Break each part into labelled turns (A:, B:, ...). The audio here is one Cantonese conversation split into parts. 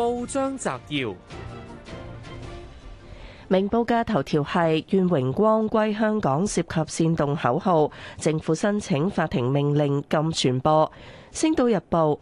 A: 報章摘要：明報嘅頭條係願榮光歸香港涉及煽動口號，政府申請法庭命令禁傳播。星島日報，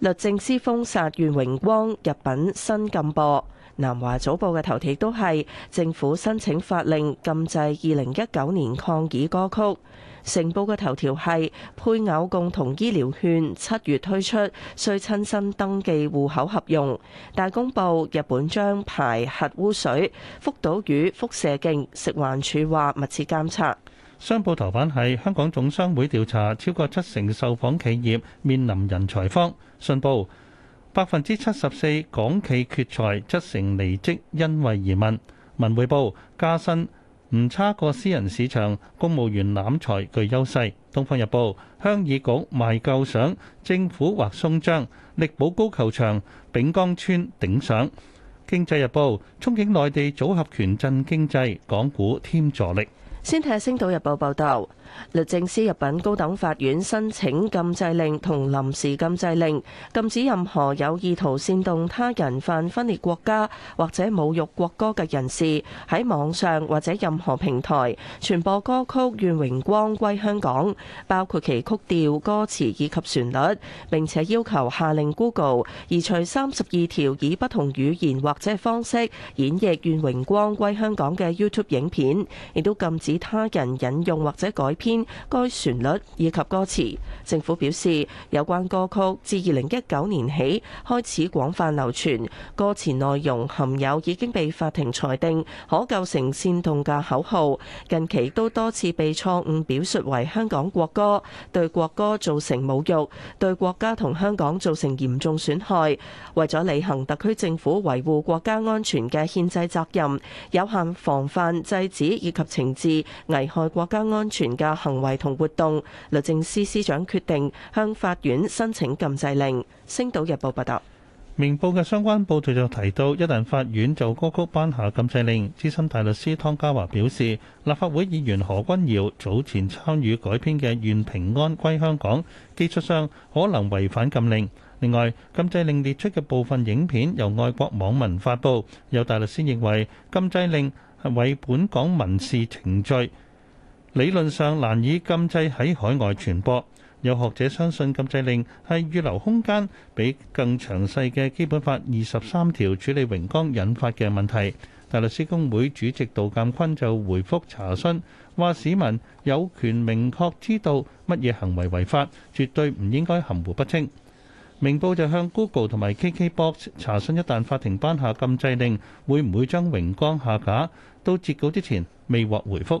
A: 律政司封殺願榮光日品新禁播。南華早報嘅頭條都係政府申請法令禁制二零一九年抗議歌曲。成報嘅頭條係配偶共同醫療券七月推出，需親身登記戶口合用。大公報日本將排核污水，福島魚輻射徑食環署話密切監察。商
B: 報頭版係香港總商會調查，超過七成受訪企業面臨人才荒，信報百分之七十四港企缺才，七成離職因為移民。文匯報加薪。唔差過私人市場，公務員攬財具優勢。《東方日報》鄉議局賣舊相，政府劃鬆章，力保高球場。丙江村頂上，《經濟日報》憧憬內地組合拳振經濟，港股添助力。
A: 先睇下《星島日報》報導。律政司入稟高等法院申請禁制令同臨時禁制令，禁止任何有意圖煽動他人犯分裂國家或者侮辱國歌嘅人士喺網上或者任何平台傳播歌曲《願榮光歸香港》，包括其曲調、歌詞以及旋律。並且要求下令 Google 移除三十二條以不同語言或者方式演繹《願榮光歸香港》嘅 YouTube 影片，亦都禁止他人引用或者改。編該旋律以及歌詞，政府表示有關歌曲自二零一九年起開始廣泛流傳，歌詞內容含有已經被法庭裁定可構成煽動嘅口號，近期都多次被錯誤表述為香港國歌，對國歌造成侮辱，對國家同香港造成嚴重損害。為咗履行特區政府維護國家安全嘅憲制責任，有限防範、制止以及懲治危害國家安全嘅。嘅行為同活動，律政司司長決定向法院申請禁制令。星島日報報道，明報嘅相關
B: 報導就提到，一旦法院就歌曲頒下禁制令，資深大律師湯家驊表示，立法會議員何君堯早前參與改編嘅《願平安歸香港》，技術上可能違反禁令。另外，禁制令列出嘅部分影片由外國網民發布，有大律師認為禁制令係違反本港民事程序。理論上難以禁制喺海外傳播。有學者相信禁制令係預留空間，俾更詳細嘅基本法二十三條處理榮光引發嘅問題。大律師公會主席杜鑑坤就回覆查詢，話市民有權明確知道乜嘢行為違法，絕對唔應該含糊不清。明報就向 Google 同埋 KKBox 查詢，一旦法庭頒下禁制令，會唔會將榮光下架？到截稿之前未獲回覆。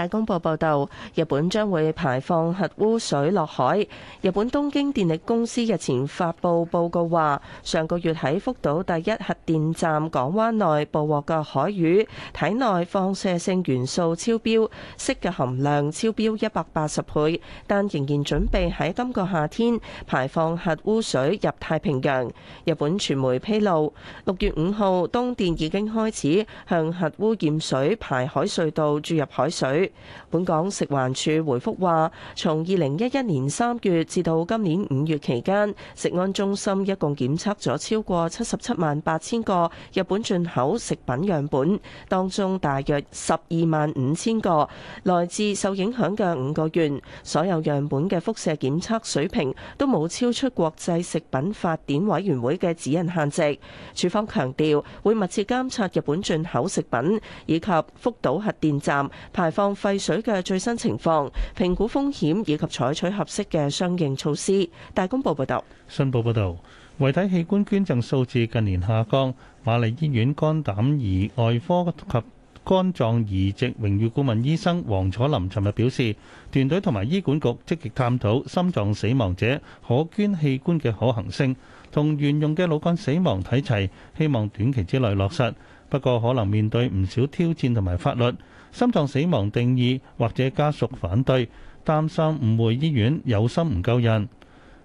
A: 大公報報導，日本將會排放核污水落海。日本東京電力公司日前發佈報告話，上個月喺福島第一核電站港灣內捕獲嘅海魚體內放射性元素超標，銫嘅含量超標一百八十倍，但仍然準備喺今個夏天排放核污水入太平洋。日本傳媒披露，六月五號，東電已經開始向核污染水排海隧道注入海水。本港食環署回覆話，從二零一一年三月至到今年五月期間，食安中心一共檢測咗超過七十七萬八千個日本進口食品樣本，當中大約十二萬五千個來自受影響嘅五個縣，所有樣本嘅輻射檢測水平都冇超出國際食品法典委員會嘅指引限值。署方強調會密切監察日本進口食品以及福島核電站排放，廢水嘅最新情況，評估風險以及採取合適嘅相應措施。大公報報導，
B: 新報報導，遺體器官捐贈數字近年下降。瑪麗醫院肝膽胰外科及肝臟移植榮譽顧問醫生黃楚林尋日表示，團隊同埋醫管局積極探討心臟死亡者可捐器官嘅可行性，同沿用嘅腦幹死亡睇齊，希望短期之內落實。不過可能面對唔少挑戰同埋法律。心臟死亡定義或者家屬反對，擔心誤會醫院有心唔救人。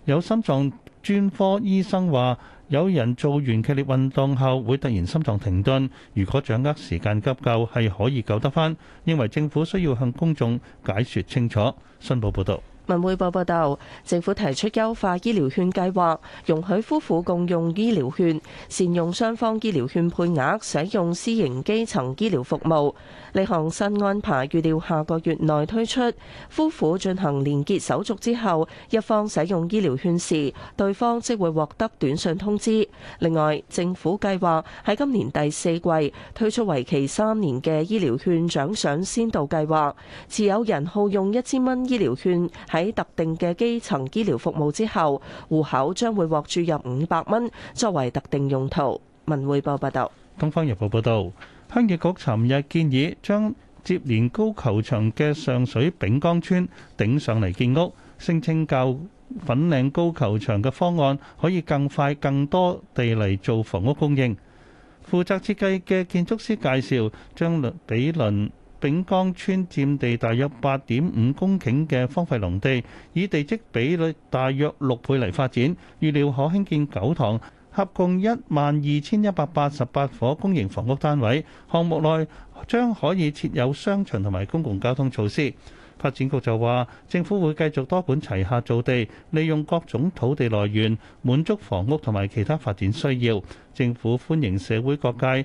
B: 有心臟專科醫生話，有人做完劇烈運動後會突然心臟停頓，如果掌握時間急救係可以救得返。認為政府需要向公眾解説清楚。新報報道。
A: 文匯報報道，政府提出優化醫療券計劃，容許夫婦共用醫療券，善用雙方醫療券配額，使用私營基層醫療服務。呢項新安排預料下個月內推出。夫婦進行連結手續之後，一方使用醫療券時，對方即會獲得短信通知。另外，政府計劃喺今年第四季推出為期三年嘅醫療券獎賞先導計劃，持有人耗用一千蚊醫療券。喺特定嘅基層醫療服務之後，戶口將會獲注入五百蚊，作為特定用途。文匯報報道。
B: 東方日報報道，鄉議局尋日建議將接連高球場嘅上水丙崗村頂上嚟建屋，聲稱較粉嶺高球場嘅方案可以更快更多地嚟做房屋供應。負責設計嘅建築師介紹將論比論。丙崗村佔地大約八點五公頃嘅荒廢農地，以地積比率大約六倍嚟發展，預料可興建九幢，合共一萬二千一百八十八伙公營房屋單位。項目內將可以設有商場同埋公共交通措施。發展局就話：政府會繼續多管齊下造地，利用各種土地來源，滿足房屋同埋其他發展需要。政府歡迎社會各界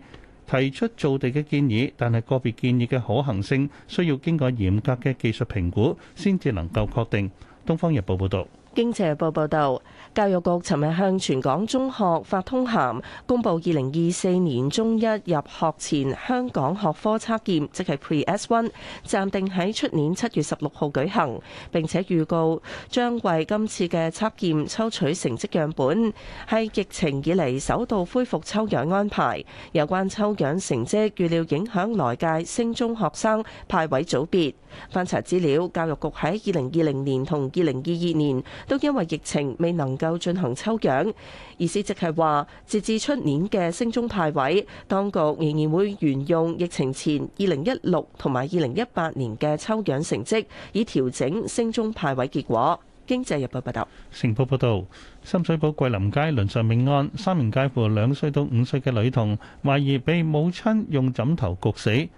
B: 提出造地嘅建議，但係個別建議嘅可行性需要經過嚴格嘅技術評估先至能夠確定。《東方日報》報道。
A: 《經濟日報》報導，教育局尋日向全港中學發通函，公布二零二四年中一入學前香港學科測驗，即係 Pre S1，暫定喺出年七月十六號舉行。並且預告將為今次嘅測驗抽取成績樣本，係疫情以嚟首度恢復抽樣安排。有關抽樣成績預料影響來屆升中學生派位組別。翻查資料，教育局喺二零二零年同二零二二年，都因為疫情未能夠進行抽樣，意思即係話，截至出年嘅升中派位，當局仍然會沿用疫情前二零一六同埋二零一八年嘅抽樣成績，以調整升中派位結果。經濟日報報道。
B: 成報報導，深水埗桂林街倫常命案，三名介乎兩歲到五歲嘅女童，懷疑被母親用枕頭焗死。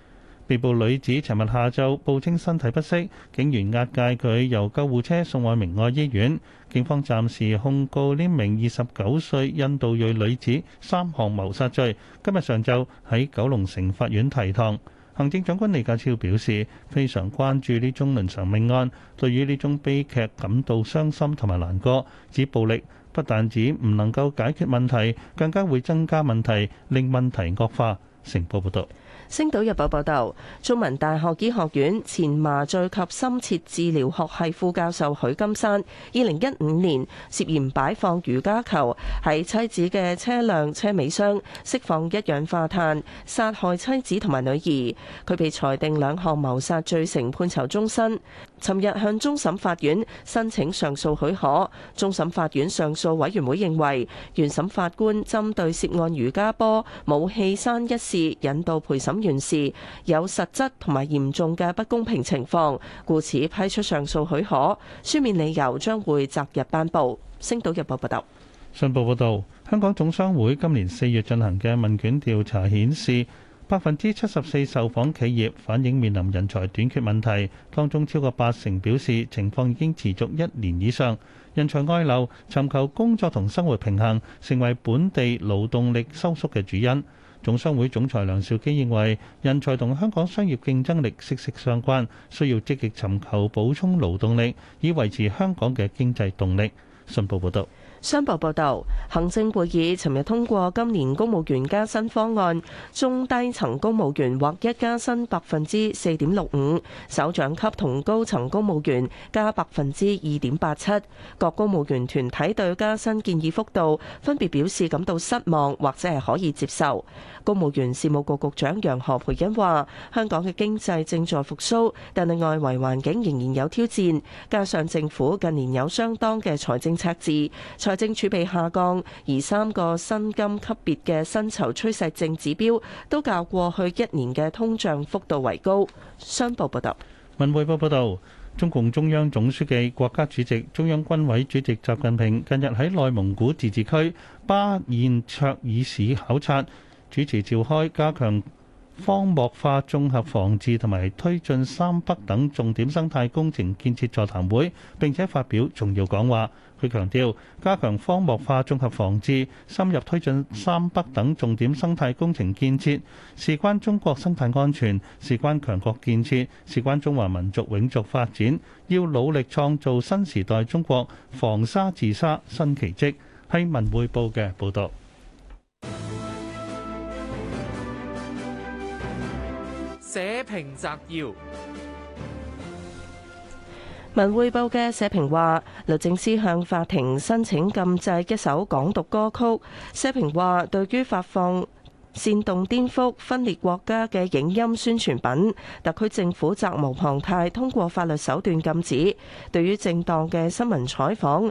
B: 被捕女子尋日下晝報稱身體不適，警員押解佢由救護車送往明愛醫院。警方暫時控告呢名二十九歲印度裔女子三項謀殺罪。今日上晝喺九龍城法院提堂。行政長官李家超表示，非常關注呢宗倫常命案，對於呢宗悲劇感到傷心同埋難過，指暴力不但止唔能夠解決問題，更加會增加問題，令問題惡化。成報報導。
A: 星島日報報道，中文大學醫學院前麻醉及深切治療學系副教授許金山，二零一五年涉嫌擺放瑜伽球喺妻子嘅車輛車尾箱，釋放一氧化碳殺害妻子同埋女兒，佢被裁定兩項謀殺罪成，判囚終身。尋日向終審法院申請上訴許可，終審法院上訴委員會認為，原審法官針對涉案瑜伽波武器山一事引導陪。審完時有實質同埋嚴重嘅不公平情況，故此批出上訴許可，書面理由將會擇日頒布。星島日報報道。
B: 信報報導，香港總商會今年四月進行嘅問卷調查顯示，百分之七十四受訪企業反映面臨人才短缺問題，當中超過八成表示情況已經持續一年以上。人才外流、尋求工作同生活平衡，成為本地勞動力收縮嘅主因。總商會總裁梁兆基認為，人才同香港商業競爭力息息相關，需要積極尋求補充勞動力，以維持香港嘅經濟動力。信報報道。
A: 商報報導，行政會議尋日通過今年公務員加薪方案，中低層公務員獲一加薪百分之四點六五，首長級同高層公務員加百分之二點八七。各公務員團體對加薪建議幅度分別表示感到失望或者係可以接受。公務員事務局局長楊何蓓茵話：香港嘅經濟正在復甦，但係外圍環境仍然有挑戰，加上政府近年有相當嘅財政赤字。財政儲備下降，而三個薪金級別嘅薪酬趨勢淨指標都較過去一年嘅通脹幅度為高。商報報道，
B: 文匯報報道，中共中央總書記、國家主席、中央軍委主席習近平近日喺內蒙古自治區巴彥淖爾市考察，主持召開加強。荒漠化綜合防治同埋推進三北等重點生態工程建設座談會，並且發表重要講話。佢強調加強荒漠化綜合防治，深入推進三北等重點生態工程建設，事關中國生態安全，事關強國建設，事關中華民族永續發展。要努力創造新時代中國防沙治沙新奇蹟。係文匯報嘅報導。
A: 社評摘要：文匯報嘅社評話，律政司向法庭申請禁制一首港獨歌曲。社評話，對於發放煽動顛覆分裂國家嘅影音宣傳品，特區政府責無旁貸，通過法律手段禁止。對於正當嘅新聞採訪。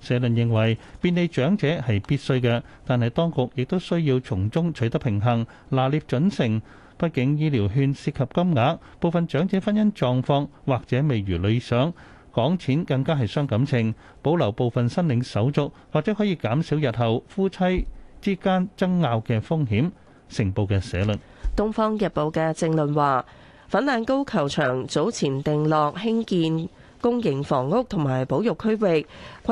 B: 社論認為便利長者係必須嘅，但係當局亦都需要從中取得平衡，拿捏準繩。畢竟醫療券涉及金額，部分長者婚姻狀況或者未如理想，講錢更加係傷感情。保留部分申領手續，或者可以減少日後夫妻之間爭拗嘅風險。成報嘅社論，
A: 《東方日報》嘅正論話：粉嶺高球場早前定落興建。公營房屋同埋保育，區域規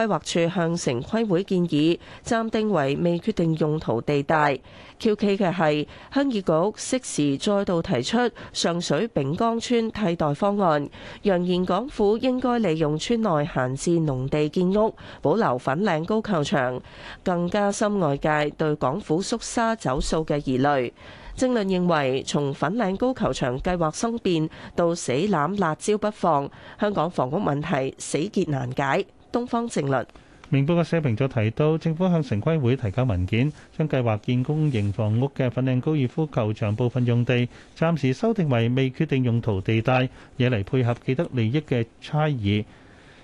A: 劃署向城規會建議暫定為未決定用途地帶。蹊蹺嘅係，鄉議局適時再度提出上水丙崗村替代方案，揚言港府應該利用村內閒置農地建屋，保留粉嶺高球場，更加深外界對港府縮沙走數嘅疑慮。政論認為，從粉嶺高球場計劃生變到死攬辣椒不放，香港房屋問題死結難解。東方正論。
B: 明報嘅社評就提到，政府向城規會提交文件，將計劃建公營房屋嘅粉嶺高爾夫球場部分用地暫時修訂為未決定用途地帶，惹嚟配合既得利益嘅猜疑。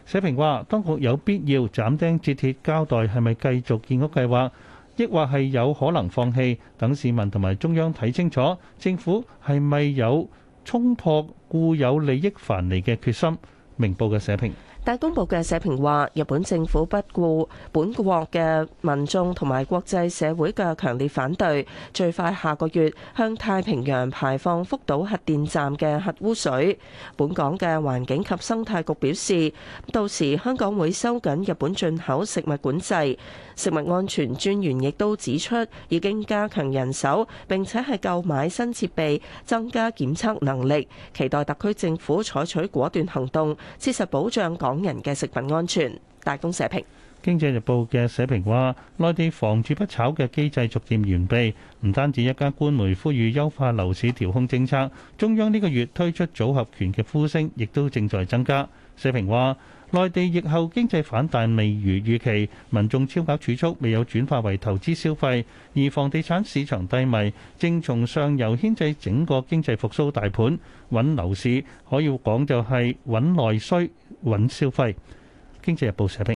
B: 社評話，當局有必要斬釘截鐵交代係咪繼續建屋計劃，抑或係有可能放棄，等市民同埋中央睇清楚政府係咪有衝破固有利益藩籬嘅決心。明報嘅社評。
A: 大公報嘅社評話：日本政府不顧本國嘅民眾同埋國際社會嘅強烈反對，最快下個月向太平洋排放福島核電站嘅核污水。本港嘅環境及生態局表示，到時香港會收緊日本進口食物管制。食物安全專員亦都指出，已經加強人手，並且係購買新設備，增加檢測能力。期待特區政府採取果斷行動，切實保障港人嘅食品安全。大公社評。
B: 《經濟日報》嘅社評話，內地房住不炒嘅機制逐漸完備，唔單止一家官媒呼籲優化樓市調控政策，中央呢個月推出組合拳嘅呼聲亦都正在增加。社評話。內地疫後經濟反彈未如預期，民眾超額儲蓄未有轉化為投資消費，而房地產市場低迷，正從上游牽制整個經濟復甦大盤。穩樓市可以講就係穩內需、穩消費。經濟日報社評。